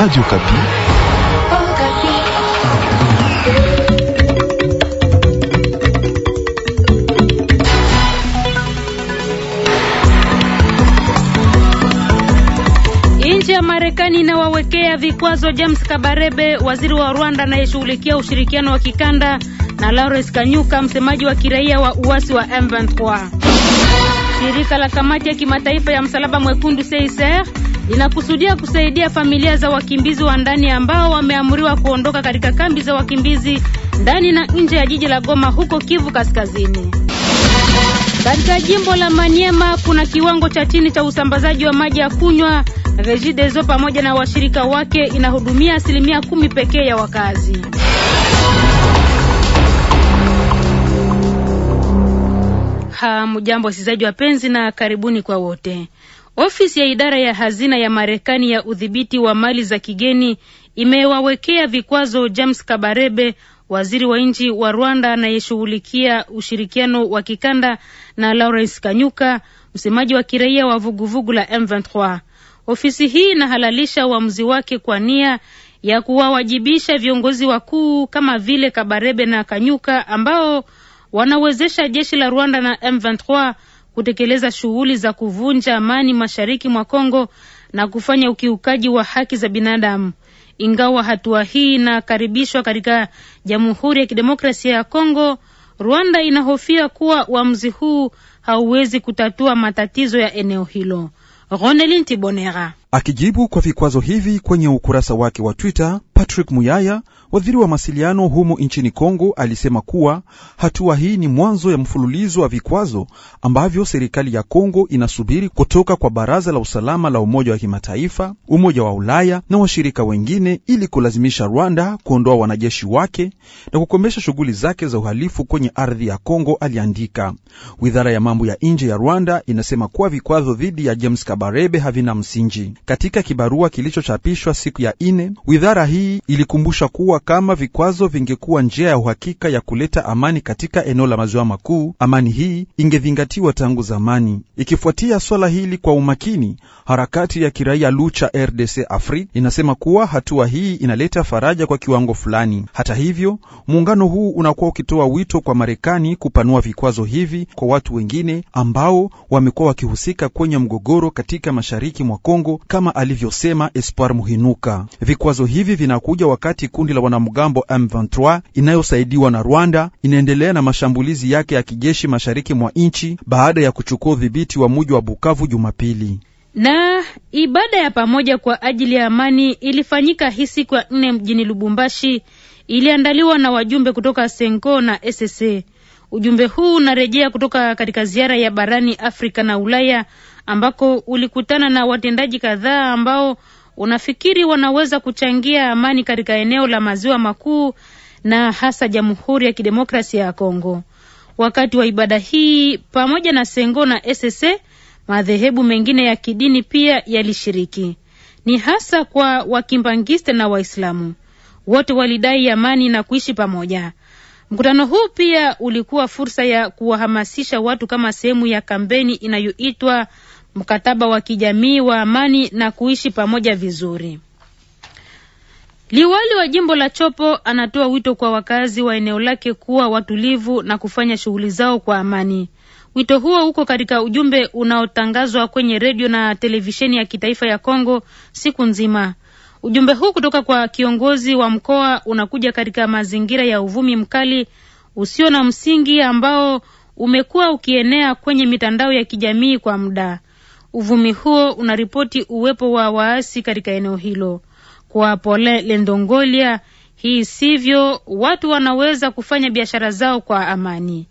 Radio Kapi. Nchi ya Marekani inawawekea vikwazo James Kabarebe, waziri wa Rwanda anayeshughulikia ushirikiano wa kikanda na Lawrence Kanyuka, msemaji wa kiraia wa uasi wa M23. Shirika la kamati ya kimataifa ya msalaba mwekundu CICR linakusudia kusaidia familia za wakimbizi wa ndani ambao wameamriwa kuondoka katika kambi za wakimbizi ndani na nje ya jiji la Goma huko Kivu Kaskazini. Katika jimbo la Maniema kuna kiwango cha chini cha usambazaji wa maji ya kunywa. Regideso pamoja na washirika wake inahudumia asilimia kumi pekee ya wakazi. Hamjambo wasikilizaji wapenzi, na karibuni kwa wote. Ofisi ya idara ya hazina ya Marekani ya udhibiti wa mali za kigeni imewawekea vikwazo James Kabarebe, waziri wa nchi wa Rwanda anayeshughulikia ushirikiano wa kikanda na Lawrence Kanyuka, msemaji wa kiraia wa vuguvugu la M23. Ofisi hii inahalalisha uamuzi wake kwa nia ya kuwawajibisha viongozi wakuu kama vile Kabarebe na Kanyuka ambao wanawezesha jeshi la Rwanda na M23 kutekeleza shughuli za kuvunja amani mashariki mwa Kongo na kufanya ukiukaji wa haki za binadamu. Ingawa hatua hii inakaribishwa katika Jamhuri ya Kidemokrasia ya Kongo, Rwanda inahofia kuwa uamuzi huu hauwezi kutatua matatizo ya eneo hilo. Ronelin Tibonera akijibu kwa vikwazo hivi kwenye ukurasa wake wa Twitter Patrick Muyaya, waziri wa mawasiliano humo nchini Kongo, alisema kuwa hatua hii ni mwanzo ya mfululizo wa vikwazo ambavyo serikali ya Kongo inasubiri kutoka kwa Baraza la Usalama la Umoja wa Kimataifa, Umoja wa Ulaya na washirika wengine ili kulazimisha Rwanda kuondoa wanajeshi wake na kukomesha shughuli zake za uhalifu kwenye ardhi ya Kongo, aliandika. Wizara ya mambo ya nje ya Rwanda inasema kuwa vikwazo dhidi ya James Kabarebe havina msingi. Katika kibarua kilichochapishwa siku ya ine, wizara hii hii ilikumbusha kuwa kama vikwazo vingekuwa njia ya uhakika ya kuleta amani katika eneo la maziwa makuu, amani hii ingezingatiwa tangu zamani. Ikifuatia swala hili kwa umakini, harakati ya kiraia Lucha RDC afri inasema kuwa hatua hii inaleta faraja kwa kiwango fulani. Hata hivyo, muungano huu unakuwa ukitoa wito kwa Marekani kupanua vikwazo hivi kwa watu wengine ambao wamekuwa wakihusika kwenye mgogoro katika mashariki mwa Kongo, kama alivyosema Espoir Muhinuka. Vikwazo hivi vina inakuja wakati kundi la wanamgambo M23 inayosaidiwa na Rwanda inaendelea na mashambulizi yake ya kijeshi mashariki mwa nchi baada ya kuchukua udhibiti wa muji wa Bukavu Jumapili. Na ibada ya pamoja kwa ajili ya amani ilifanyika hii siku ya nne mjini Lubumbashi, iliandaliwa na wajumbe kutoka Senko na SSA. Ujumbe huu unarejea kutoka katika ziara ya barani Afrika na Ulaya ambako ulikutana na watendaji kadhaa ambao Unafikiri wanaweza kuchangia amani katika eneo la maziwa makuu na hasa Jamhuri ya Kidemokrasia ya Kongo? Wakati wa ibada hii pamoja na Sengo na Esse, madhehebu mengine ya kidini pia yalishiriki. Ni hasa kwa Wakimbangiste na Waislamu wote walidai amani na kuishi pamoja. Mkutano huu pia ulikuwa fursa ya kuwahamasisha watu kama sehemu ya kampeni inayoitwa mkataba wa kijamii wa amani na kuishi pamoja vizuri. Liwali wa jimbo la Chopo anatoa wito kwa wakazi wa eneo lake kuwa watulivu na kufanya shughuli zao kwa amani. Wito huo uko katika ujumbe unaotangazwa kwenye redio na televisheni ya kitaifa ya Kongo siku nzima. Ujumbe huu kutoka kwa kiongozi wa mkoa unakuja katika mazingira ya uvumi mkali usio na msingi ambao umekuwa ukienea kwenye mitandao ya kijamii kwa muda. Uvumi huo unaripoti uwepo wa waasi katika eneo hilo. Kwa Pole Lendongolia, hii sivyo, watu wanaweza kufanya biashara zao kwa amani.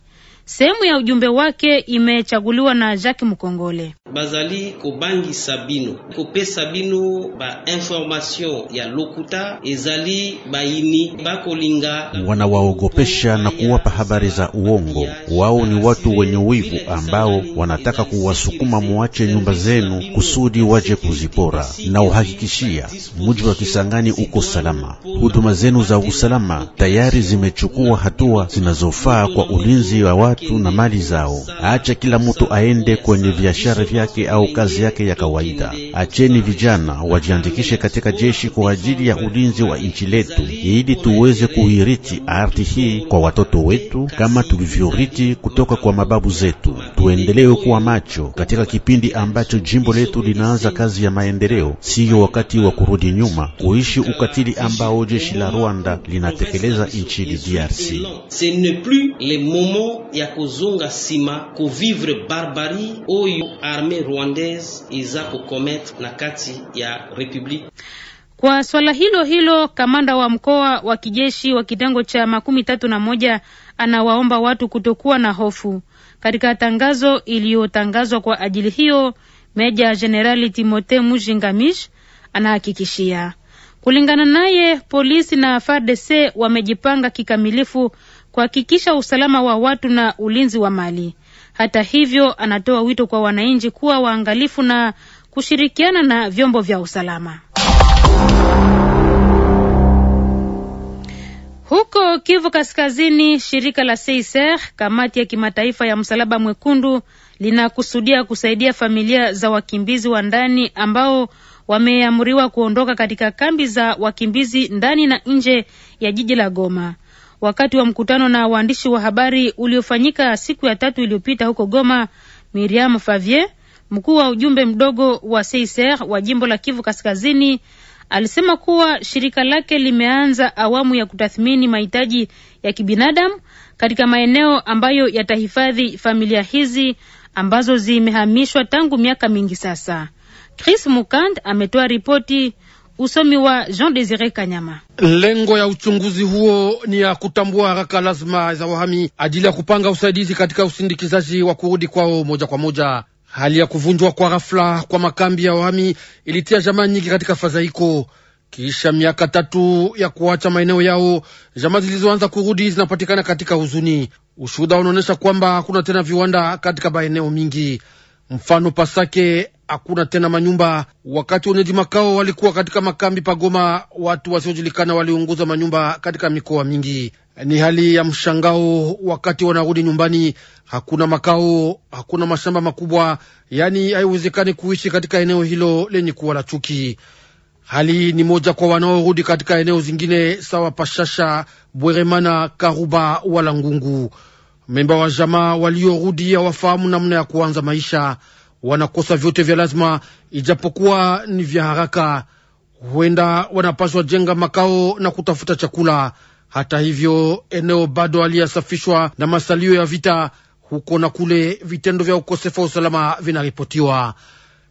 Sehemu ya ujumbe wake imechaguliwa na Jacques Mukongole. bazali kobangisa bino kopesa bino ba information ya lokuta ezali baini bakolinga. Wanawaogopesha na kuwapa habari za uongo. Wao ni watu wenye wivu ambao wanataka kuwasukuma muache nyumba zenu kusudi waje kuzipora. Na uhakikishia muji wa Kisangani uko salama. Huduma zenu za usalama tayari zimechukua hatua zinazofaa kwa ulinzi wa watu watu na mali zao. Acha kila mtu aende kwenye biashara vyake au kazi yake ya kawaida. Acheni vijana wajiandikishe katika jeshi kwa ajili ya ulinzi wa nchi letu, ili tuweze kuhiriti ardhi hii kwa watoto wetu kama tulivyoriti kutoka kwa mababu zetu. Tuendelee kuwa macho katika kipindi ambacho jimbo letu linaanza kazi ya maendeleo. Siyo wakati wa kurudi nyuma kuishi ukatili ambao jeshi la Rwanda linatekeleza nchini DRC kozonga nsima kovivre barbari oyo arme rwandaise eza kokometre na kati ya republiki. Kwa swala hilo hilo, kamanda wa mkoa wa kijeshi wa kitengo cha makumi tatu na moja anawaomba watu kutokuwa na hofu. Katika tangazo iliyotangazwa kwa ajili hiyo, meja jenerali Timote Mujingamish anahakikishia. Kulingana naye, polisi na FARDC wamejipanga kikamilifu kuhakikisha usalama wa watu na ulinzi wa mali. Hata hivyo, anatoa wito kwa wananchi kuwa waangalifu na kushirikiana na vyombo vya usalama. Huko Kivu Kaskazini, shirika la Seiser, kamati ya kimataifa ya Msalaba Mwekundu, linakusudia kusaidia familia za wakimbizi wa ndani ambao wameamriwa kuondoka katika kambi za wakimbizi ndani na nje ya jiji la Goma. Wakati wa mkutano na waandishi wa habari uliofanyika siku ya tatu iliyopita huko Goma, Miriam Favier, mkuu wa ujumbe mdogo wa CICR wa jimbo la Kivu Kaskazini, alisema kuwa shirika lake limeanza awamu ya kutathmini mahitaji ya kibinadamu katika maeneo ambayo yatahifadhi familia hizi ambazo zimehamishwa tangu miaka mingi sasa. Chris Mukand ametoa ripoti. Usomi wa Jean Desire Kanyama. Lengo ya uchunguzi huo ni ya kutambua haraka lazima za wahami ajili ya kupanga usaidizi katika usindikizaji wa kurudi kwao moja kwa moja. Hali ya kuvunjwa kwa ghafla kwa makambi ya wahami ilitia jamaa nyingi katika fadhaiko. Kisha miaka tatu ya kuacha maeneo yao, jamaa zilizoanza kurudi zinapatikana katika huzuni. Ushuhuda unaonyesha kwamba hakuna tena viwanda katika maeneo mingi, mfano Pasake hakuna tena manyumba. Wakati wenyeji makao walikuwa katika makambi pagoma, watu wasiojulikana waliunguza manyumba katika mikoa mingi. Ni hali ya mshangao wakati wanarudi nyumbani, hakuna makao, hakuna mashamba makubwa, yaani haiwezekani kuishi katika eneo hilo lenye kuwa la chuki. Hali ni moja kwa wanaorudi katika eneo zingine sawa Pashasha, Bweremana, Karuba wala Ngungu. Memba wa jamaa waliorudi hawafahamu namna ya kuanza maisha wanakosa vyote vya lazima, ijapokuwa ni vya haraka. Huenda wanapaswa jenga makao na kutafuta chakula. Hata hivyo, eneo bado aliyasafishwa na masalio ya vita huko na kule, vitendo vya ukosefu wa usalama vinaripotiwa.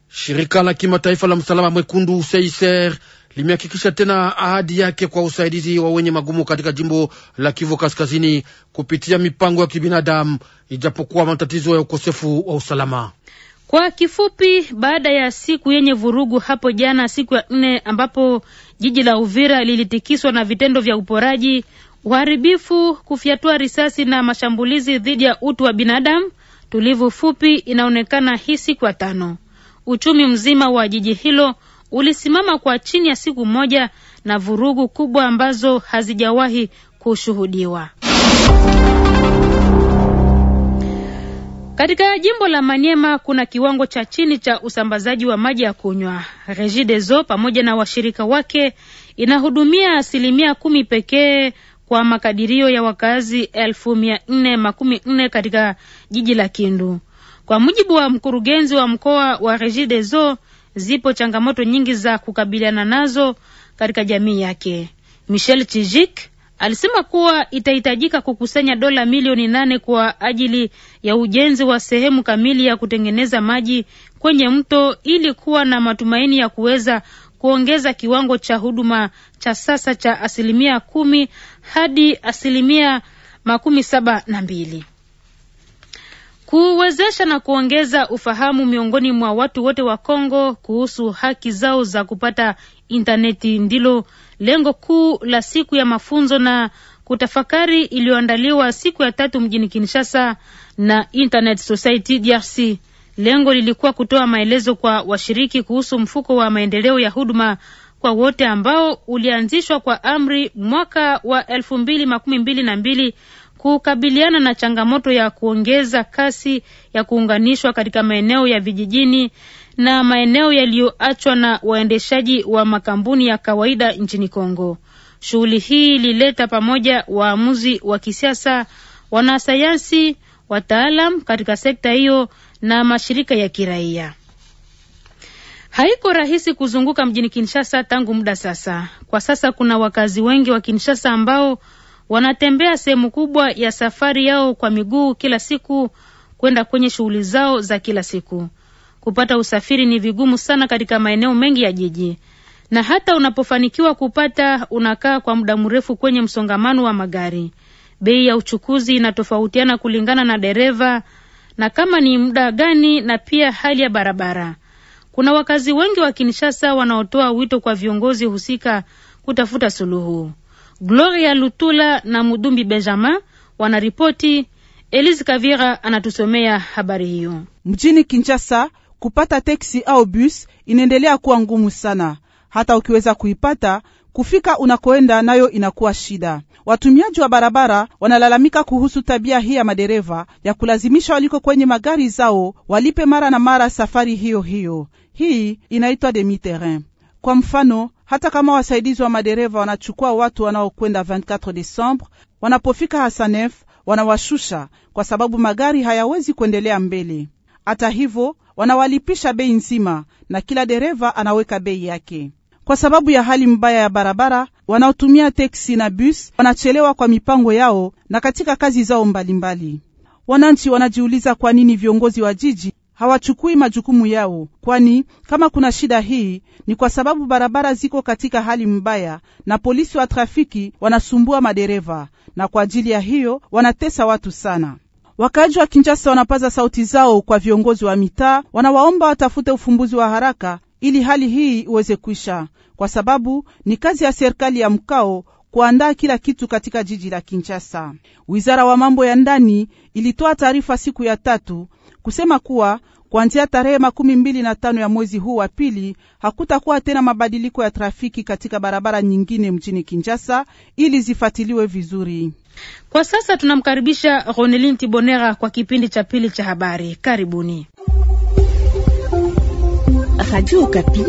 Shirika la kimataifa la msalaba mwekundu Seiser limehakikisha tena ahadi yake kwa usaidizi wa wenye magumu katika jimbo la Kivu Kaskazini kupitia mipango ya kibinadamu, ijapokuwa matatizo ya ukosefu wa usalama. Kwa kifupi, baada ya siku yenye vurugu hapo jana, siku ya nne, ambapo jiji la Uvira lilitikiswa na vitendo vya uporaji, uharibifu, kufyatua risasi na mashambulizi dhidi ya utu wa binadamu, tulivu fupi inaonekana hii siku ya tano. Uchumi mzima wa jiji hilo ulisimama kwa chini ya siku moja na vurugu kubwa ambazo hazijawahi kushuhudiwa. Katika jimbo la Maniema kuna kiwango cha chini cha usambazaji wa maji ya kunywa. Regideso pamoja na washirika wake inahudumia asilimia kumi pekee kwa makadirio ya wakazi elfu mia nne makumi nne katika jiji la Kindu. Kwa mujibu wa mkurugenzi wa mkoa wa Regideso, zipo changamoto nyingi za kukabiliana nazo katika jamii yake. Michel Chijik Alisema kuwa itahitajika kukusanya dola milioni nane kwa ajili ya ujenzi wa sehemu kamili ya kutengeneza maji kwenye mto ili kuwa na matumaini ya kuweza kuongeza kiwango cha huduma cha sasa cha asilimia kumi hadi asilimia makumi saba na mbili kuwezesha na kuongeza ufahamu miongoni mwa watu wote wa Kongo kuhusu haki zao za kupata intaneti ndilo lengo kuu la siku ya mafunzo na kutafakari iliyoandaliwa siku ya tatu mjini Kinshasa na Internet Society DRC. Lengo lilikuwa kutoa maelezo kwa washiriki kuhusu mfuko wa maendeleo ya huduma kwa wote ambao ulianzishwa kwa amri mwaka wa elfu mbili makumi mbili na mbili kukabiliana na changamoto ya kuongeza kasi ya kuunganishwa katika maeneo ya vijijini na maeneo yaliyoachwa na waendeshaji wa makampuni ya kawaida nchini Kongo. Shughuli hii ilileta pamoja waamuzi wa kisiasa, wanasayansi, wataalam katika sekta hiyo na mashirika ya kiraia. Haiko rahisi kuzunguka mjini Kinshasa tangu muda sasa. Kwa sasa kuna wakazi wengi wa Kinshasa ambao wanatembea sehemu kubwa ya safari yao kwa miguu kila siku kwenda kwenye shughuli zao za kila siku. Kupata usafiri ni vigumu sana katika maeneo mengi ya jiji, na hata unapofanikiwa kupata, unakaa kwa muda mrefu kwenye msongamano wa magari. Bei ya uchukuzi inatofautiana kulingana na dereva na kama ni muda gani, na pia hali ya barabara. Kuna wakazi wengi wa Kinshasa wanaotoa wito kwa viongozi husika kutafuta suluhu. Gloria Lutula na Mudumbi Benjamin wanaripoti. Elise Kavira anatusomea habari hiyo. Mjini Kinshasa, kupata teksi au bus inaendelea kuwa ngumu sana. Hata ukiweza kuipata kufika unakoenda nayo inakuwa shida. Watumiaji wa barabara wanalalamika kuhusu tabia hii ya madereva ya kulazimisha waliko kwenye magari zao walipe mara na mara safari hiyo hiyo. Hii inaitwa demi terrain. Kwa mfano hata kama wasaidizi wa madereva wanachukua watu wanaokwenda 24 Desembre, wanapofika Hasanef wanawashusha kwa sababu magari hayawezi kuendelea mbele. Hata hivyo, wanawalipisha bei nzima na kila dereva anaweka bei yake. Kwa sababu ya hali mbaya ya barabara, wanaotumia teksi na bus wanachelewa kwa mipango yao na katika kazi zao mbalimbali. Wananchi wanajiuliza kwa nini viongozi wa jiji hawachukui majukumu yao, kwani kama kuna shida hii ni kwa sababu barabara ziko katika hali mbaya na polisi wa trafiki wanasumbua madereva, na kwa ajili ya hiyo wanatesa watu sana. Wakaaji wa Kinshasa wanapaza sauti zao kwa viongozi wa mitaa, wanawaomba watafute ufumbuzi wa haraka ili hali hii iweze kuisha, kwa sababu ni kazi ya serikali ya mkao kuandaa kila kitu katika jiji la Kinshasa. Wizara wa mambo ya ndani ilitoa taarifa siku ya tatu kusema kuwa kuanzia tarehe makumi mbili na tano ya mwezi huu wa pili hakutakuwa tena mabadiliko ya trafiki katika barabara nyingine mjini kinjasa ili zifatiliwe vizuri. Kwa sasa tunamkaribisha Ronelin Tibonera kwa kipindi cha pili cha habari. Karibuni Radio Okapi.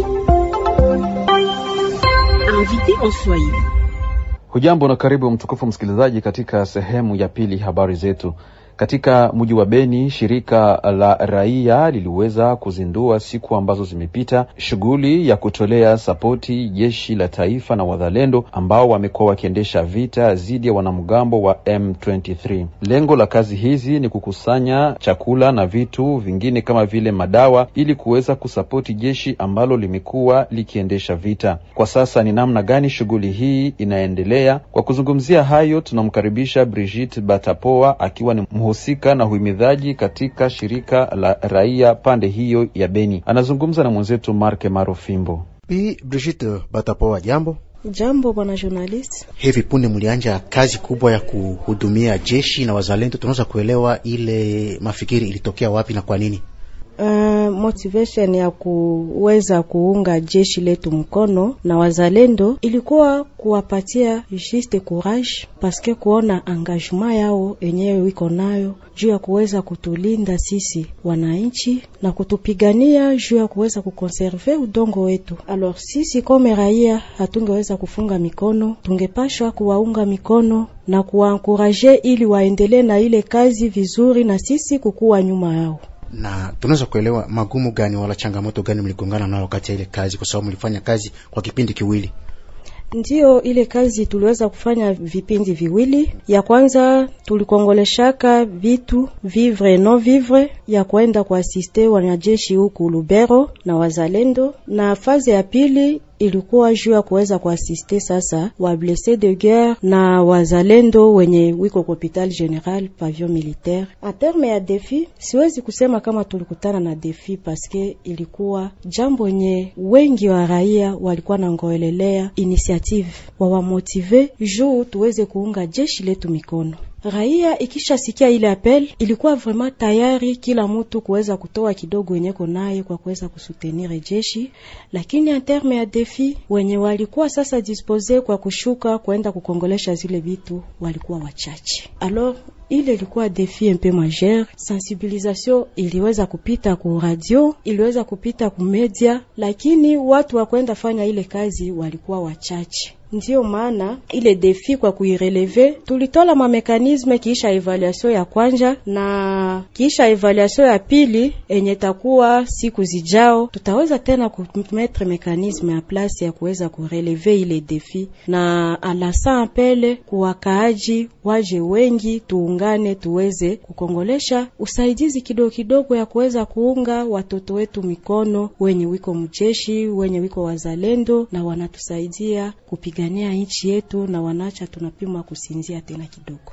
Hujambo na karibu mtukufu msikilizaji katika sehemu ya pili habari zetu. Katika mji wa Beni, shirika la raia liliweza kuzindua siku ambazo zimepita shughuli ya kutolea sapoti jeshi la taifa na wazalendo ambao wamekuwa wakiendesha vita dhidi ya wanamgambo wa M23. Lengo la kazi hizi ni kukusanya chakula na vitu vingine kama vile madawa ili kuweza kusapoti jeshi ambalo limekuwa likiendesha vita. Kwa sasa ni namna gani shughuli hii inaendelea? Kwa kuzungumzia hayo, tunamkaribisha Brigitte Batapoa akiwa ni mhu anahusika na uhimidhaji katika shirika la raia pande hiyo ya Beni. Anazungumza na mwenzetu Marke Marofimbo. Bi Brigitte Batapoa, jambo. Jambo bwana journalist. Hivi punde mlianja kazi kubwa ya kuhudumia jeshi na wazalendo, tunaweza kuelewa ile mafikiri ilitokea wapi na kwa nini? motivation ya kuweza kuunga jeshi letu mkono na wazalendo ilikuwa kuwapatia juste courage, paske kuona engagement yao yenyewe wiko nayo juu ya kuweza kutulinda sisi wananchi na kutupigania juu ya kuweza kukonserve udongo wetu. Alors sisi kome raia hatungeweza kufunga mikono, tungepashwa kuwaunga mikono na kuwaankuraje ili waendelee na ile kazi vizuri, na sisi kukuwa nyuma yao na tunaweza kuelewa magumu gani wala changamoto gani mligongana nao wakati ya ile kazi, kwa sababu mlifanya kazi kwa kipindi kiwili. Ndiyo, ile kazi tuliweza kufanya vipindi viwili. Ya kwanza tulikongoleshaka vitu vivre no vivre ya kwenda kuasiste wanajeshi huku Lubero na wazalendo, na fazi ya pili ilikuwa juu ya kuweza kuasiste sasa wa blesse de guerre na wazalendo wenye wiko kwa hopital general pavillon militaire. En terme ya defi, siwezi kusema kama tulikutana na defi paske ilikuwa jambo nye wengi wa raia walikuwa na ngoelelea initiative wawamotive juu tuweze kuunga jeshi letu mikono. Raia ikishasikia ile apel, ilikuwa vraiment tayari kila mtu kuweza kutoa kidogo wenyeko naye kwa kuweza kusutenir jeshi, lakini en terme ya defi wenye walikuwa sasa dispose kwa kushuka kwenda kukongolesha zile vitu walikuwa wachache. Alors ile ilikuwa defi mpe majere. Sensibilisation iliweza kupita ku radio, iliweza kupita ku media, lakini watu wakwenda fanya ile kazi walikuwa wachache. Ndiyo maana ile defi kwa kuireleve tulitola mamekanisme kiisha evaluation ya kwanja na kiisha evaluation ya pili enye takuwa siku zijao, tutaweza tena kumetre mekanisme ya plasi ya kuweza kureleve ile defi, na alasa apele kuwakaaji waje wengi, tuungane tuweze kukongolesha usaidizi kidogo kidogo ya kuweza kuunga watoto wetu mikono wenye wiko mjeshi wenye wiko wazalendo na wanatusaidia kupiga kupigania nchi yetu, na wanacha tunapimwa kusinzia tena kidogo.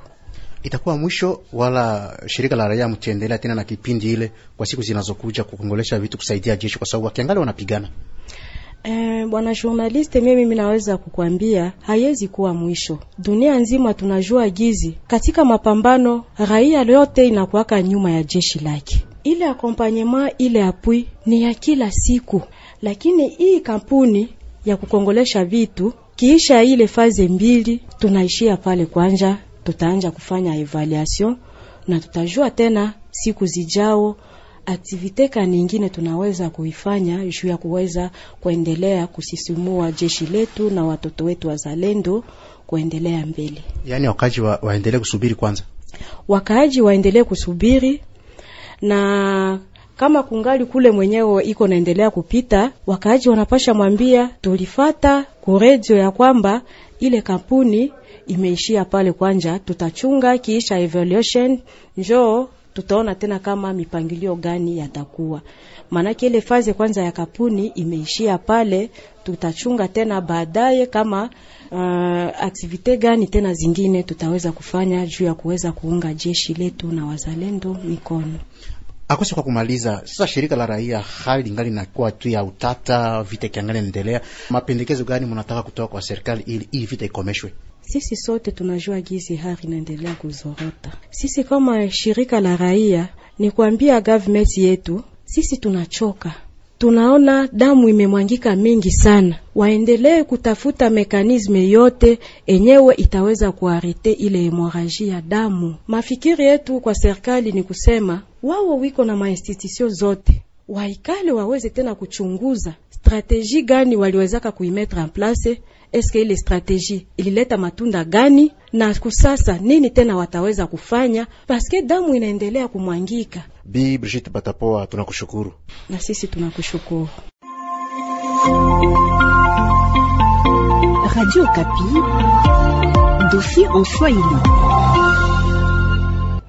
Itakuwa mwisho wala shirika la raia mtendelea tena na kipindi ile kwa siku zinazokuja kukongolesha vitu kusaidia jeshi, kwa sababu wakiangalia wanapigana. Eh, bwana journaliste, mimi mimi naweza kukwambia haiwezi kuwa mwisho. Dunia nzima tunajua gizi katika mapambano, raia yote inakuwaka nyuma ya jeshi lake. Ile akompanyema ile apui ni ya kila siku, lakini hii kampuni ya kukongolesha vitu Kiisha ile faze mbili tunaishia pale kwanja, tutaanja kufanya evaluation na tutajua tena siku zijao aktivite ka ingine tunaweza kuifanya juu ya kuweza kuendelea kusisimua jeshi letu na watoto wetu wazalendo kuendelea mbele. Yani wakaji wa, waendelee kusubiri kwanza, wakaaji waendelee kusubiri na kama kungali kule mwenyewe iko naendelea kupita, wakaaji wanapasha mwambia tulifata kuredio ya kwamba ile kampuni imeishia pale kwanja, tutachunga kiisha evaluation njoo tutaona tena kama mipangilio gani yatakuwa, maanake ile fazi kwanza ya kampuni imeishia pale. Tutachunga tena baadaye kama uh, aktivite gani tena zingine tutaweza kufanya juu ya kuweza kuunga jeshi letu na wazalendo mikono akosi kwa kumaliza sasa, shirika la raia hali lingali nakuwa tu ya utata, vita kiangali endelea. Mapendekezo gani mnataka kutoka kwa serikali ili hii vita ikomeshwe? Sisi sote tunajua gizi hali inaendelea kuzorota. Sisi kama shirika la raia ni kuambia government yetu, sisi tunachoka tunaona damu imemwangika mingi sana. Waendelee kutafuta mekanisme yote enyewe itaweza kuarete ile hemoraji ya damu. Mafikiri yetu kwa serikali ni kusema wao wiko na mainstitution zote waikale waweze tena kuchunguza strateji gani waliwezaka kuimetre en place, eske ile strateji ilileta matunda gani, na kusasa nini tena wataweza kufanya, paske damu inaendelea kumwangika. Bi Brigitte Batapoa, tunakushukuru. Na sisi tunakushukuru. Radio Kapi, dofi en Swahili.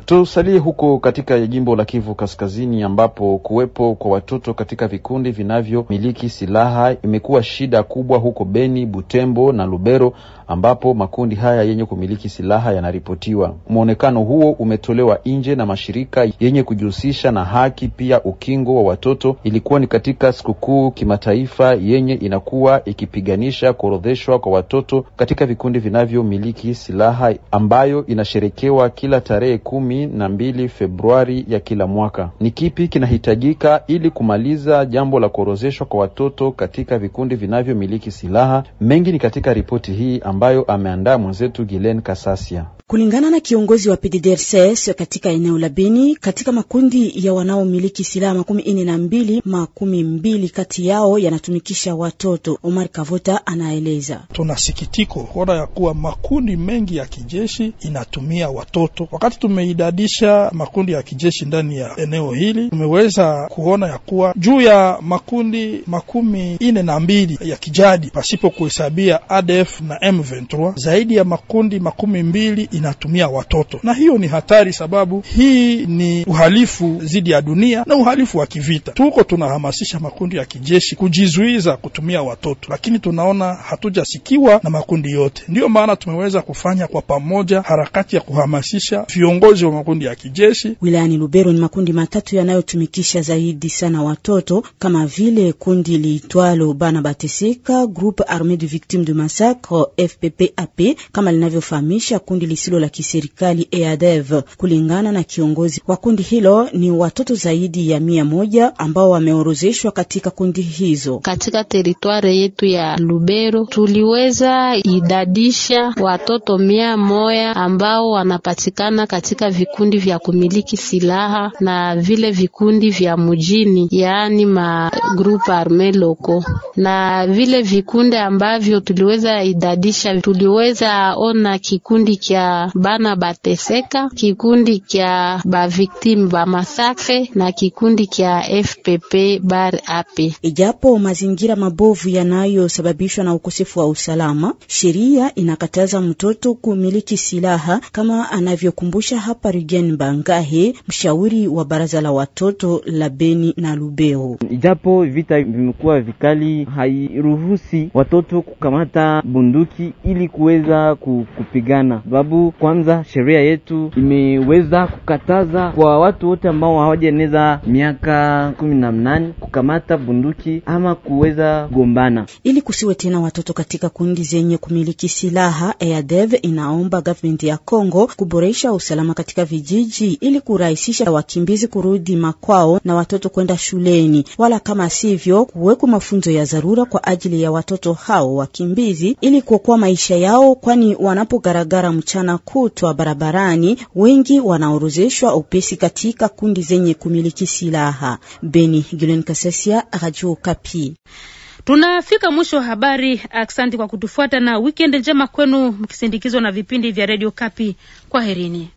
Tusalie huko katika jimbo la Kivu Kaskazini, ambapo kuwepo kwa watoto katika vikundi vinavyomiliki silaha imekuwa shida kubwa huko Beni, Butembo na Lubero, ambapo makundi haya yenye kumiliki silaha yanaripotiwa. Mwonekano huo umetolewa nje na mashirika yenye kujihusisha na haki pia ukingo wa watoto. Ilikuwa ni katika sikukuu kimataifa yenye inakuwa ikipiganisha kuorodheshwa kwa watoto katika vikundi vinavyomiliki silaha ambayo inasherekewa kila tarehe kumi na mbili Februari ya kila mwaka. Ni kipi kinahitajika ili kumaliza jambo la kuorozeshwa kwa watoto katika vikundi vinavyomiliki silaha? Mengi ni katika ripoti hii ambayo ambayo ameandaa mwenzetu Gilen Kasasia. Kulingana na kiongozi wa PDDRCS katika eneo la Beni, katika makundi ya wanaomiliki silaha makumi ine na mbili, makumi mbili kati yao yanatumikisha watoto. Omar Kavota anaeleza: tuna sikitiko kuona ya kuwa makundi mengi ya kijeshi inatumia watoto. Wakati tumeidadisha makundi ya kijeshi ndani ya eneo hili, tumeweza kuona ya kuwa juu ya makundi makumi ine na mbili ya kijadi pasipo kuhesabia ADF na M23, zaidi ya makundi makumi mbili inatumia watoto, na hiyo ni hatari, sababu hii ni uhalifu dhidi ya dunia na uhalifu wa kivita. Tuko tunahamasisha makundi ya kijeshi kujizuiza kutumia watoto, lakini tunaona hatujasikiwa na makundi yote. Ndiyo maana tumeweza kufanya kwa pamoja harakati ya kuhamasisha viongozi wa makundi ya kijeshi wilayani Lubero. Ni makundi matatu yanayotumikisha zaidi sana watoto kama vile kundi liitwalo Bana Bateseka, Groupe Armee de Victime de Massacre FPPAP, kama linavyofahamisha kundi lisi lisilo la kiserikali EADEV. Kulingana na kiongozi wa kundi hilo, ni watoto zaidi ya mia moja ambao wameorozeshwa katika kundi hizo. Katika teritwari yetu ya Lubero tuliweza idadisha watoto mia moja ambao wanapatikana katika vikundi vya kumiliki silaha na vile vikundi vya mjini, yaani magrup arme loko, na vile vikundi ambavyo tuliweza idadisha, tuliweza ona kikundi cha bana bateseka, kikundi kya baviktimu ba masakre na kikundi kya FPP bar ape. Ijapo mazingira mabovu yanayosababishwa na ukosefu wa usalama, sheria inakataza mtoto kumiliki silaha kama anavyokumbusha hapa Rugen Bangahe, mshauri wa baraza la watoto la Beni na Lubeo. Ijapo vita vimekuwa vikali, hairuhusi watoto kukamata bunduki ili kuweza kupigana babu kwanza sheria yetu imeweza kukataza kwa watu wote ambao hawajaeneza miaka kumi na mnane kukamata bunduki ama kuweza kugombana, ili kusiwe tena watoto katika kundi zenye kumiliki silaha. EADEV inaomba gavmenti ya Kongo kuboresha usalama katika vijiji ili kurahisisha wakimbizi kurudi makwao na watoto kwenda shuleni, wala kama sivyo kuwekwa mafunzo ya dharura kwa ajili ya watoto hao wakimbizi ili kuokoa maisha yao, kwani wanapogaragara mchana wanakutwa barabarani, wengi wanaorozeshwa upesi katika kundi zenye kumiliki silaha. Beni Gilen Kasasia, Radio Kapi. Tunafika mwisho wa habari. Asante kwa kutufuata na wikendi njema kwenu, mkisindikizwa na vipindi vya redio Kapi. Kwaherini.